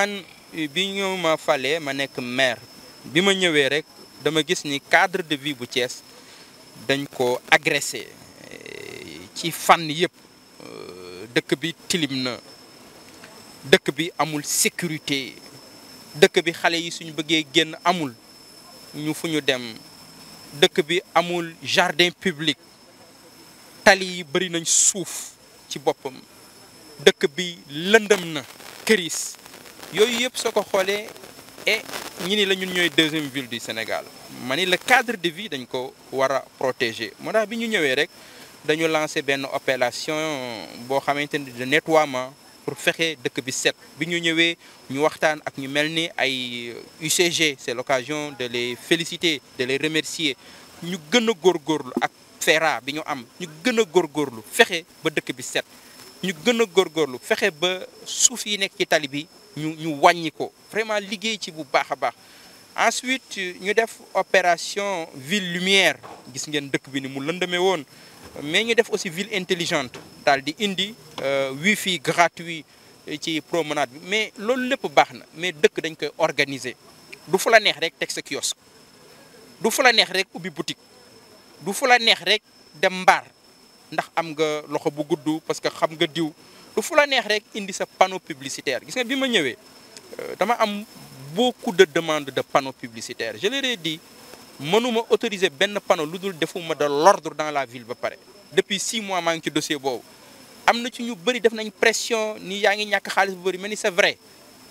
man eh, bi ñu ma falee ma nekk maire bi ma ñëwee rek dama gis ni cadre de vie bu cees dañ ko agressé eh, ci fànn yëpp eh, dëkk bi tilim na dëkk bi amul sécurité dëkk bi xale yi suñu bëggee génn amul ñu fu ñu dem dëkk bi amul jardin public tali yi bëri nañ suuf ci boppam dëkk bi lëndëm na këris yooyu yëpp soo ko xoolee et eh, ñi ni la ñun ñooy deuxième ville du Sénégal ma ni le cadre de vie dañ ko war a protéger moo bi ñu ñëwee rek dañu lancé benn opération boo xamante ni de nettoiement pour fexe dëkk bi set bi ñu ñëwee ñu waxtaan ak ñu mel ni ay UCG c'est l'occasion de les féliciter de les remercier ñu gën a góorgóorlu ak FERA bi ñu am ñu gën a góorgóorlu fexe ba dëkk bi set ñu gën a góorgóorlu fexe ba suuf yi nekk ci tali bi ñu ñu wàññi vraiment liggéey ci bu baax a baax ensuite ñu def opération ville lumière gis ngeen dëkk bi ni mu lëndamee woon mais ñu def aussi ville intelligente daal di indi euh, wifi gratuit ci promenade bi mais loolu lépp baax na mais dëkk dañ koy organiser du fu la neex rek teg sa du fu la neex rek ubbi boutique du fu la neex rek dem mbaar ndax am nga loxo bu gudd parce que xam nga diw du fu la neex rek indi sa panneau publicitaire gis nga bi ma ñëwee euh, dama am beaucoup de demande de panneaux publicitaires je leur ai mënuma autoriser benn panneau lu dul defuma de l'ordre dans la ville ba pare depuis six mois maa ngi ci dossier boobu am na ci ñu bëri def nañ pression ni yaa ngi ñàkk xaalis bu bëri mais ni c'est vrai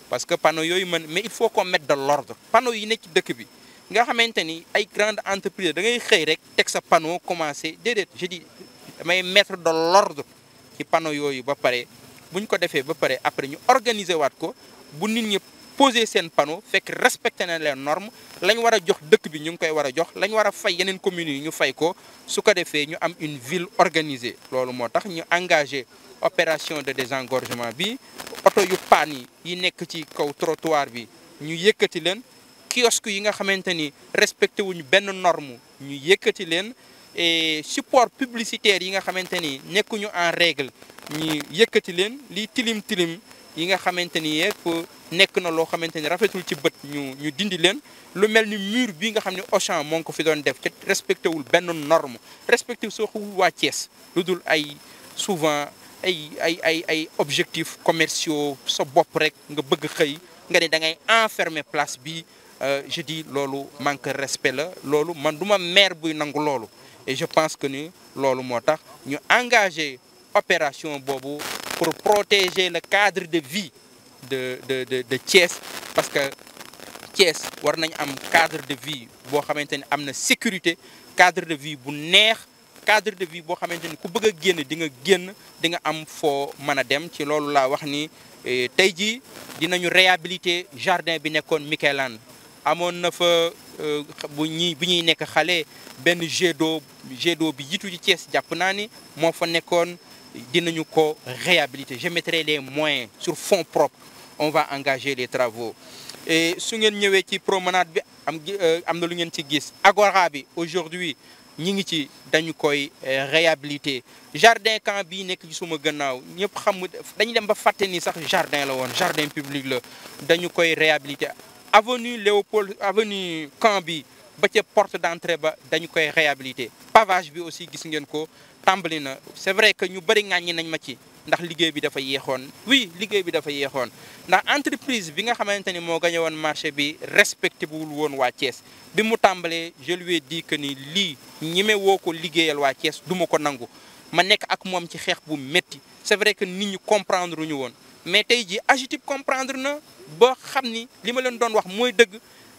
parce que panneau yooyu mën mais il faut comme mette de l'ordre panneau yi nekk ci dëkk bi nga xamante ni ay grande entreprise da ngay xëy rek teg sa panneau commencer déedéet je dis damay mettre de l'ordre ci panneau yooyu ba pare buñ ko defee ba pare après ñu organiser waat ko bu nit ñi poser seen panneau fekk respecté na les normes lañ war a jox dëkk bi ñu ngi koy war a jox lañ war a fay yeneen communes yi ñu fay ko su ko defee ñu am une ville organisée loolu moo tax ñu engagé opération de désengorgement bi oto yu paan yi yi nekk ci kaw trottoir bi ñu yëkkati leen kiosque yi nga xamante ni respecté ñu benn norme ñu yëkkati leen support publicitaire yi nga xamante ni nekkuñu en régle ñi yëkkati leen lii tilim tilim yi nga xamante ni yëpp nekk na loo xamante ni rafetul ci bët ñu ñu dindi leen lu mel ni mur bi nga xam ne Auchan moo ngi ko fi doon def te respecté wul benn norme respecté soo ko waa Thiès lu dul ay souvent ay ay ay ay objectifs commerciaux sa bopp rek nga bëgg xëy nga ne da ngay enfermer place bi euh, je dis loolu manque respect la loolu man du ma maire buy nangu loolu je pense que ni loolu moo tax ñu engagé opération boobu pour protéger le cadre de vie de de de de Thiès parce que Thiès war nañ am cadre de vie boo xamante ni am na sécurité cadre de vie bu neex cadre de vie boo xamante ni ku bëgg a génn dinga génn dinga am foo mën a dem ci loolu laa wax ni tey jii dinañu réhabiliter jardin bi nekkoon Mikelane amoon na Euh, bu ñii bu ñuy nekk xale benn gédo gédo bi jiitu ci cees jàpp naa ni moo fa nekkoon dinañu ko réhabiliter je mettrai les moyens sur fonds propres on va engager les travaux e su ngeen ñëwee ci promenade bi am euh, am na lu ngeen ci gis agora bi aujourd'hui ñu ngi ci dañu koy euh, réhabiliter jardin camp bi nekk ci suma gannaaw ñëpp xam dañu dem ba fàtte ni sax jardin la woon jardin public la dañu koy réhabiliter avenue Léopold avenue Camp bi ba ca porte d'entrée ba dañu koy réabilité pavage bi aussi gis ngeen ko tàmbali na c'est vrai que ñu bëri ŋàññi nañ ma ci ndax liggéey bi dafa yéexoon oui liggéey bi dafa yéexoon ndax entreprise bi nga xamante ni moo gañe woon marché bi respecté buwul woon waa cees bi mu tàmbalee je lui ai dit que ni lii ñime woo ko liggéeyal waa cees duma ko nangu ma nekk ak moom ci xeex bu métti c'est vrai que nit ñi comprendre ñu woon mais tey jii AGETIP comprendre na ba xam ni li ma leen doon wax mooy dëgg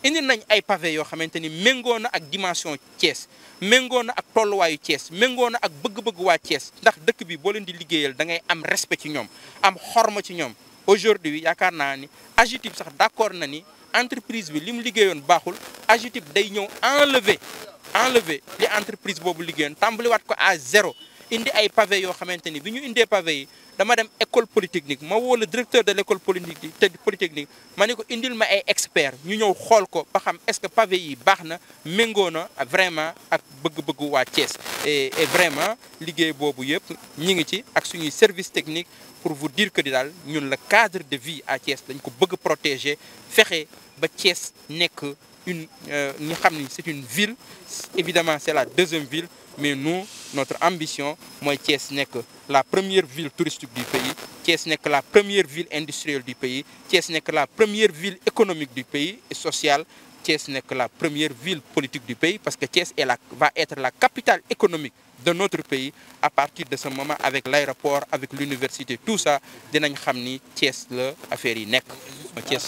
indi nañ ay pavé yoo xamante ni méngoo na ak dimension Thiès méngoo na ak tolluwaayu Thiès méngoo na ak bëgg-bëgg waa Thiès ndax dëkk bi boo leen di liggéeyal da ngay am respect ci ñoom am xorma ci ñoom aujourd'hui yaakaar naa ni AGETIP sax d'accord na ni entreprise bi li mu liggéeyoon baaxul AGETIP day ñëw enlever enlever li entreprise boobu liggéeyoon tàmbaliwaat ko à zéro indi ay pavé yoo xamante ni bi ñu indee pavé yi dama dem école polytechnique ma woo le directeur de l' école polytechnique te polytechnique ma ne ko indil ma ay expert ñu ñëw xool ko ba xam est ce que pavé yi baax na méngoo na vraiment ak bëgg-bëggu waa Thiès. et et vraiment liggéey boobu yëpp ñi ngi ci ak suñuy service technique pour vous dire que di daal ñun la cadre de vie à Thiès dañ ko bëgg protéger fexe ba Thiès nekk une euh, ñu xam ni c' est une ville évidemment c' la deuxième ville mais nous notre ambition mooy Thiès nekk. la première ville touristique du pays Thiès nekk la première ville industrielle du pays Thiès nekk la première ville économique du pays et sociale Thiès nekk la première ville politique du pays parce que Thiès est la va être la capitale économique de notre pays à partir de ce moment avec l'aéroport avec l'université tout ça dinañ xam ni Thiès la affaire yi nekk Thiès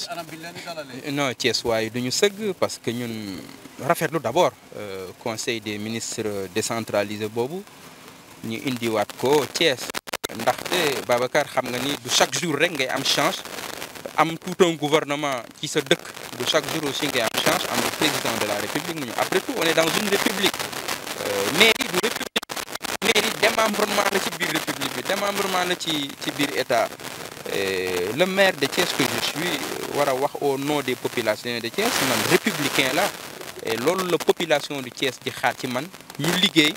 non Thiès waaye du ñu sëgg parce que ñun rafetlu d'abord euh, conseil des ministres décentralisé boobu ñu indiwaat ko Thiès ndaxte Babacar xam nga ni du chaque jour rek ngay am chance am tout un gouvernement ci sa dëkk du chaque jour aussi ngay am chance am président de la république mu ñu après tout on est dans une république euh, mairie du république mairie démembrement la ci biir république bi démembrement la ci ci biir état le maire de Thiès que je suis euh, war a wax au nom des population de Thiès man républicain la loolu la population du Thiès di xaar ci man ñu liggéey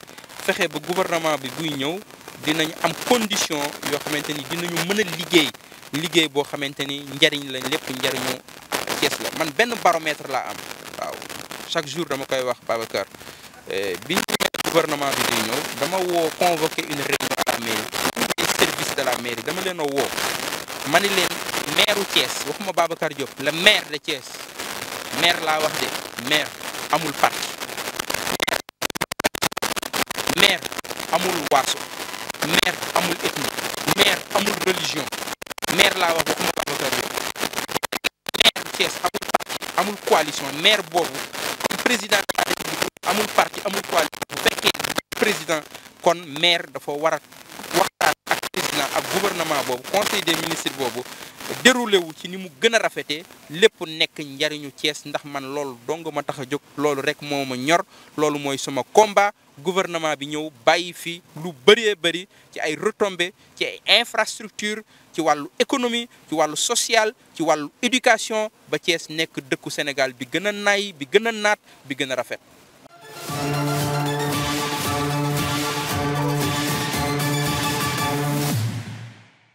fexe ba gouvernement bi buy ñëw dinañ am condition yoo xamante ni dinañu mën a liggéey liggéey boo xamante ni njariñ la lépp njariñu Cees la man benn baromètre laa am waaw chaque jour dama koy wax Babacar eh, bi gouvernement bi di ñëw dama woo convoqué une réunion à la mairie les services de la mairie dama leen a woo ma ni leen maire u waxuma Babacar Diop la maire de Thiès maire laa wax de maire amul parti Warso maire amul ethnie maire amul religion maire laa wax waxuma Babacar Diop maire Thiès amul parti amul coalition maire boobu comme président de amul parti amul coalition bu fekkee président kon maire dafa war a waxtaan ak président ak gouvernement boobu conseil des ministres boobu déroulé wu ci ni mu gën a rafetee lépp nekk njariñu Thiès ndax man loolu dong ma tax a jóg loolu rek moo ñor loolu mooy sama combat gouvernement bi ñëw bàyyi fi lu bëree bëri ci ay retombe ci ay infrastructure ci wàllu économie ci wàllu sociale ci wàllu éducation ba Thiès nekk dëkku Sénégal bi gën a nay bi gën a naat bi gën a rafet